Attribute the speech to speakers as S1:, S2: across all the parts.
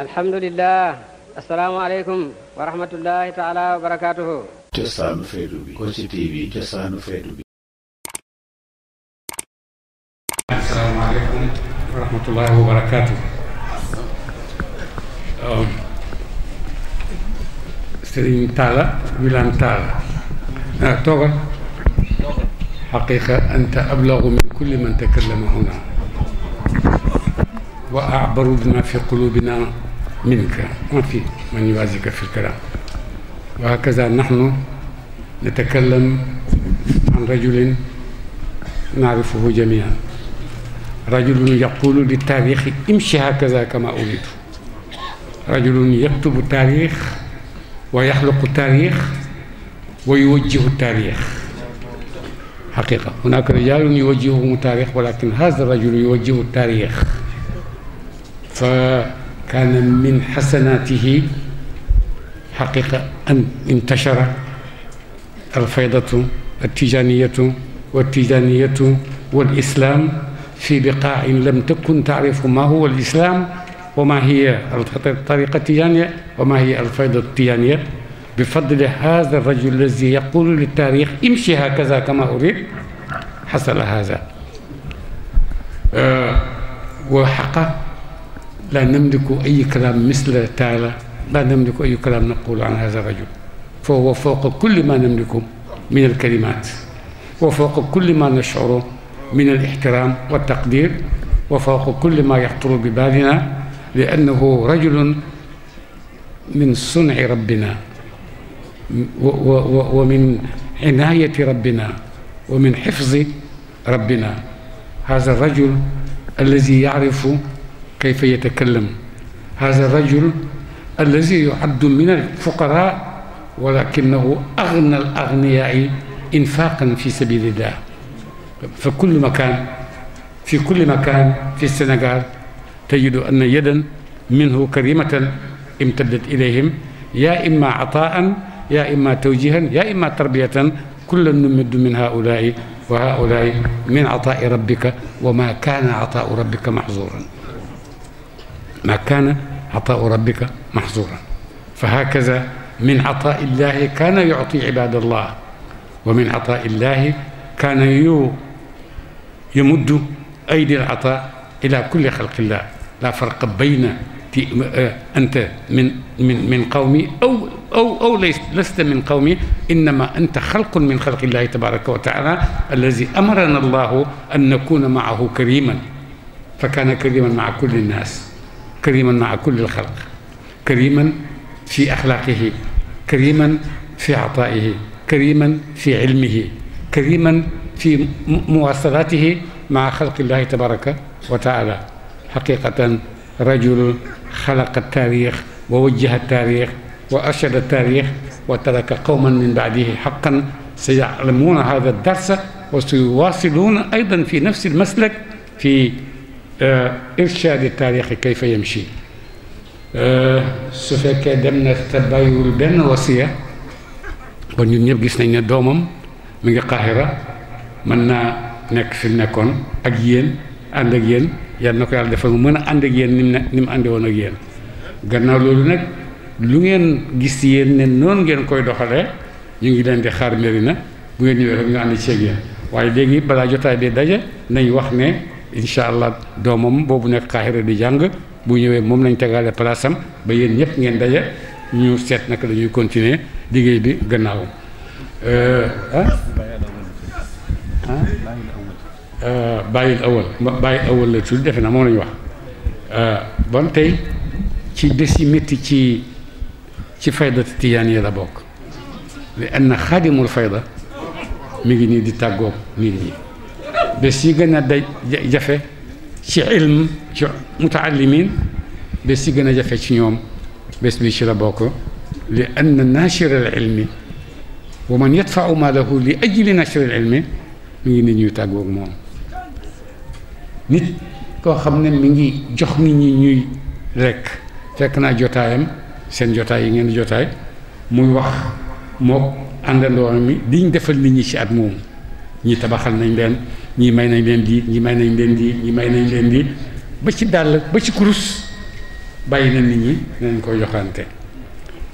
S1: الحمد لله السلام عليكم ورحمة الله تعالى وبركاته جسان فيدوبي كوشي تي في جسان فيدوبي السلام عليكم ورحمة الله وبركاته سيرين تالا ميلان تالا آه، توغل حقيقة أنت أبلغ من كل من تكلم هنا وأعبر بما في قلوبنا منك ما في من يوازيك في الكلام وهكذا نحن نتكلم عن رجل نعرفه جميعا رجل يقول للتاريخ امشي هكذا كما أريد رجل يكتب التاريخ ويخلق التاريخ ويوجه التاريخ حقيقة هناك رجال يوجههم التاريخ ولكن هذا الرجل يوجه التاريخ فكان من حسناته حقيقة أن انتشر الفيضة التجانية والتجانية والإسلام في بقاع لم تكن تعرف ما هو الإسلام وما هي الطريقة التجانية وما هي الفيضة التجانية بفضل هذا الرجل الذي يقول للتاريخ امشي هكذا كما أريد حصل هذا أه وحقق لا نملك أي كلام مثل تعالى لا نملك أي كلام نقول عن هذا الرجل فهو فوق كل ما نملكه من الكلمات وفوق كل ما نشعره من الاحترام والتقدير وفوق كل ما يخطر ببالنا لأنه رجل من صنع ربنا ومن عناية ربنا ومن حفظ ربنا هذا الرجل الذي يعرف كيف يتكلم هذا الرجل الذي يعد من الفقراء ولكنه أغنى الأغنياء إنفاقا في سبيل الله في كل مكان في كل مكان في السنغال تجد أن يدا منه كريمة امتدت إليهم يا إما عطاء يا إما توجيها يا إما تربية كل نمد من هؤلاء وهؤلاء من عطاء ربك وما كان عطاء ربك محظورا ما كان عطاء ربك محظورا فهكذا من عطاء الله كان يعطي عباد الله ومن عطاء الله كان يو يمد أيدي العطاء إلى كل خلق الله لا فرق بين آه، أنت من من من قومي أو أو أو لست من قومي إنما أنت خلق من خلق الله تبارك وتعالى الذي أمرنا الله أن نكون معه كريما فكان كريما مع كل الناس كريما مع كل الخلق كريما في أخلاقه كريما في عطائه كريما في علمه كريما في مواصلاته مع خلق الله تبارك وتعالى حقيقة رجل خلق التاريخ ووجه التاريخ وأرشد التاريخ وترك قوما من بعده حقا سيعلمون هذا الدرس وسيواصلون أيضا في نفس المسلك في Euh, irshaadi taarixi kayfa yamshi euh, su fekkee dem na te bàyyiwul benn wasiya kon ñun ñëpp gis nañ ne doomam mu ngi Qahira mën naa nekk fi nekkoon ak yéen ànd ak yéen yal na ko yàlla defal mu mën a ànd ak yéen ni mu ne ni mu àndi woon ak yéen gannaaw loolu nag lu ngeen gis yéen ne noonu ngeen koy doxalee ñu ngi leen di xaar Medina bu ngeen ñëwee rek ñu ànd ceeg yéen waaye léegi balaa jotaay bi daje nañ wax ne. incha allah doomam boobu nekk xaaxira di jàng bu ñëwee moom lañ tegaale place am ba yéen ñëpp ngeen daje ñu seet naka dañuy continuer liggéey bi gannaaw ah euh, euh, bàyyil awal bàyyil awal la tudd defe naa moom la ñu wax euh, bon tey ci des yi métti ci ci fayda tijaan yi la bokk li anna xaadimul fayda mi ngi nii di tàggook nit ñi بس يجينا جفة شي علم شي متعلمين بس يجينا جفة شي يوم بس بيشي لباكو لأن الناشر العلمي ومن يدفع ماله لأجل نشر العلم من يتاقو مون نت كو خمنا مني جخني ني ريك فكنا جوتايم سن جوتاي ين جوتاي موي واخ موك اندلو مي دين ديفال نيت ني سي ات موم ني ñi may nañ leen di ñi may nañ leen di ñi may nañ leen di ba ci dàll ba ci kurus bàyyi na nit ñi nañ ko joxante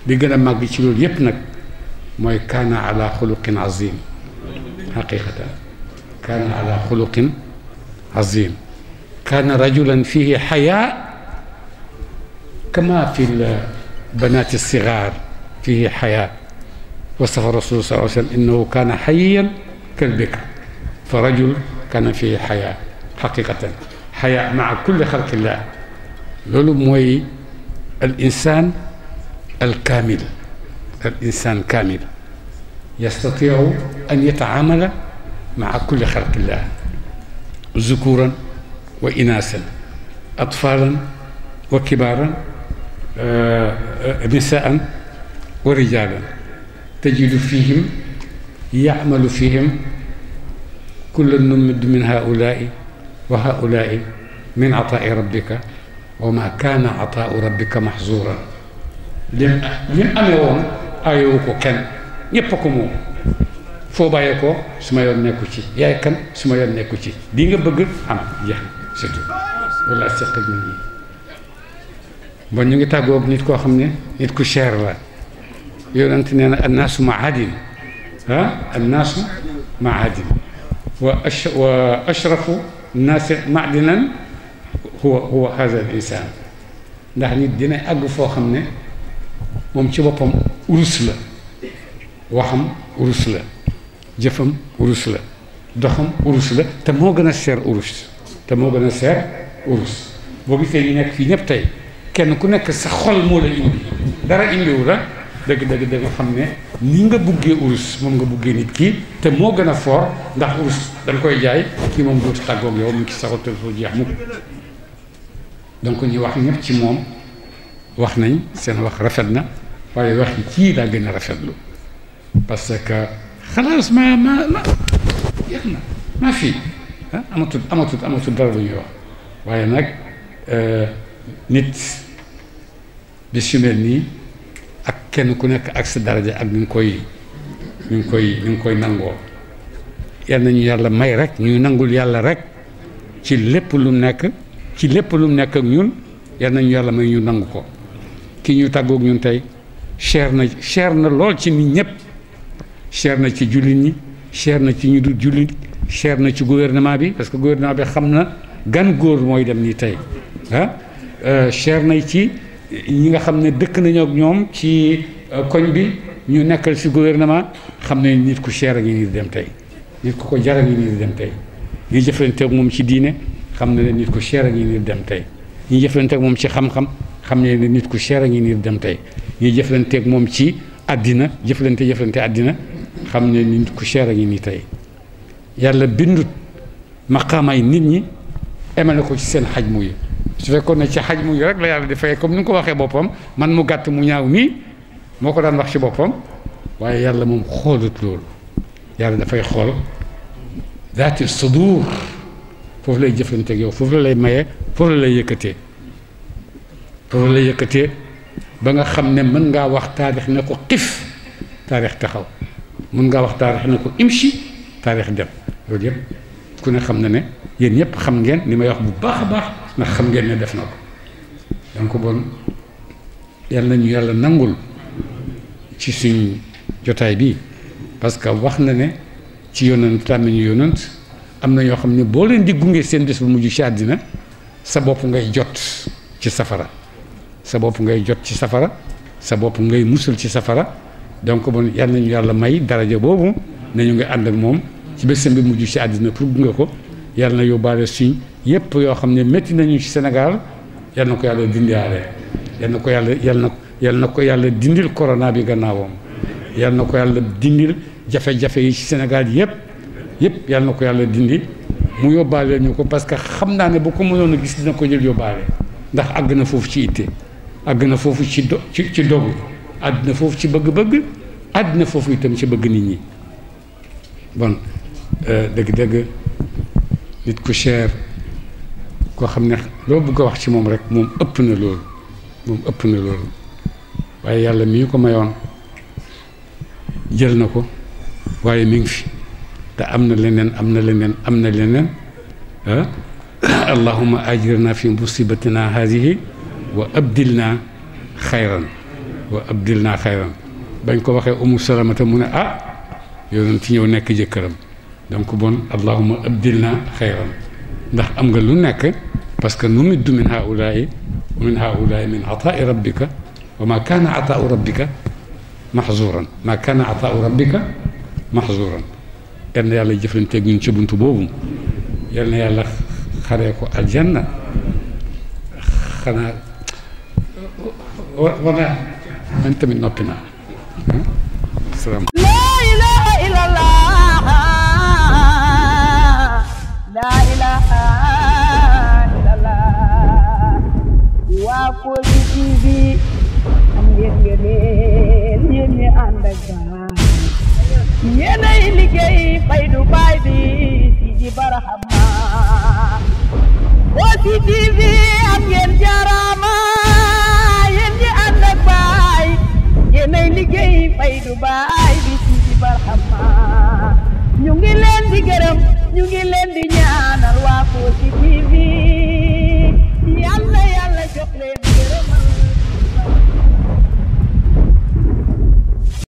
S1: di gën a màgg ci loolu yépp nag mooy kaana ala xuluqin azim xaqiqatan kaana ala xuluqin azim kaana rajulan fihi xayaa kama fi البنات الصغار فيه حياة وصف الرسول rasul الله عليه وسلم إنه كان حيا كالبكر فرجل كان فيه حياة حقيقة حياة مع كل خلق الله لولو موي الإنسان الكامل الإنسان كامل يستطيع أن يتعامل مع كل خلق الله ذكورا وإناثا أطفالا وكبارا آه، نساء ورجالا تجد فيهم يعمل فيهم كل نمد من هؤلاء وهؤلاء من عطاء ربك وما كان عطاء ربك محظورا لم من اميون ايو كو مو نيبكومو فو بايكو سما يون نيكو سي يا كان سما يون نيكو سي ام يا سيدي ولا سيدي مني بون نيغي تاغوك نيت كو خامني نيت كو شير لا يونت نينا الناس معادين ها الناس معادين وأش وأشرف الناس معدنا هو هو هذا الإنسان نحن الدين أقفوا خمنا ومشي بهم رسلة وهم رسلة جفم رسلة دخم رسلة تموغنا سير أرس تموغنا سير أرس وبيتي هناك في نبتي كان كنا كسخول مولا يوري دارا إمي dëgg dëgg dëgg xam ne ni nga buggee urus moom nga buggee nit ki te moo gën a fort ndax urus dañ koy jaay kii moom dootu tàggoog yow mu ci saxul te foo jeex mukk donc ñu wax ñëpp ci moom wax nañ seen wax rafet na waaye wax ci kii laa gën a rafetlu parce que xalaas ma ma ma jeex na maa fii ah amatul amatul dara lu ñuy wax waaye nag euh, nit bi su nii. ak kenn ku nekk ak sa daraja ak ñu ngi koy ñu ngi koy ñu ngi koy nangoo yal nañu yàlla may rek ñuy nangul yàlla rek ci lépp lu nekk ci lépp lum nekk ak ñun yal nañu yàlla may ñu nangu ko ki ñu tàggoog ñun tey cher na cher na lool ci nit ñëpp cher na ci jullit ñi cher na ci ñu dul jullit cher na ci gouvernement bi parce que gouvernement bi xam na gan góor mooy dem nii tey ah euh, na ci. ñi nga xam ne dëkk nañu ak ñoom ci euh, koñ bi ñu nekkal si gouvernement xam ne nit ku cher a ngi dem tey nit ku ko jar a ngi nii dem tey ñu jëflanteeg moom ci diine xam ne nit ku cher a ngi nii dem tey ñu jëflanteeg moom ci xam-xam xam ne nit ku cher a ngi nii dem tey ñu jëflanteeg moom ci àddina jëflante jëflante àddina xam ne nit ku cher a ngi nii tey yàlla bindut maqaamaay nit ñi emale ko ci seen xaj mu yi su fekkoon ci hajmu mu rek la yàlla di fay comme ni ko waxe bopam man mu gàtt mu ñaaw nii moko daan wax ci bopam waye yàlla mom xolut lool yàlla da fay xol daati sudur foofu lay jëfanteeg yow foofu la lay mayee foofu la lay yëkkatee foofu la lay yëkkatee ba nga xam mën ngaa wax tarikh ne ko xif taarix taxaw mën nga wax tarikh ne ko imshi tarikh dem lool yëpp ku ne xam na ne yéen ñëpp xam ngeen ni may wax bu baax a baax ndax xam ngeen ne def na ko donc bon yal nañu yàlla nangul ci suñ jotaay bi parce que wax na ne ci yonent tàmmiñu yonent am na ñoo xam ne boo leen di gunge seen bés bu mujj ci àddina sa bopp ngay jot ci safara sa bopp ngay jot ci safara sa bopp ngay musal ci safara donc bon yàlla may daraja boobu ñu nga ànd moom ci bésam sembi mujj ci àddina pour gunge ko yàlla na yóbbaale suñ yépp yoo xam ne métti nañu ci Sénégal yàlla na ko yàlla dindiwaale yàlla na ko yàlla yàlla na yàlla na ko yàlla dindil korona bi gannaawam yàlla na ko yàlla dindil jafe-jafe yi ci Sénégal yépp yépp yàlla na ko yàlla dindi mu yóbbaale ñu ko parce que xam naa ne bu ko mënoon gis dina ko jël yóbbaale ndax àgg na foofu ci itte àgg na foofu ci do ci ci dogu foofu ci bëgg-bëgg àgg foofu itam ci bëgg nit ñi dëgg-dëgg nit ku cher koo xam ne loo bëgg a wax ci moom rek moom ëpp na loolu moom ëpp na loolu waaye yàlla mi ko mayoon jël na ko waaye mi ngi fi te am na leneen am na leneen am na leneen ah allahuma ajirna fi musibatina hadihi wa abdilna xayran wa abdilna xayran bañ ko waxee umu salamata mu ne ah yow ci ñëw nekk jëkkëram donc bon allahuma abdilna xayran ndax am nga lu nekk parce que nu middu min haulayi wa min haulayi min ataai rabbika wa ma kana ataau rabbika mahzuran ma kana ataau rabbika mahzuran yal na yàlla jëflanteeg ñun ci buntu boobu yal na yàlla xaree ko aljanna xanaa war war naa man tamit noppi naa salaam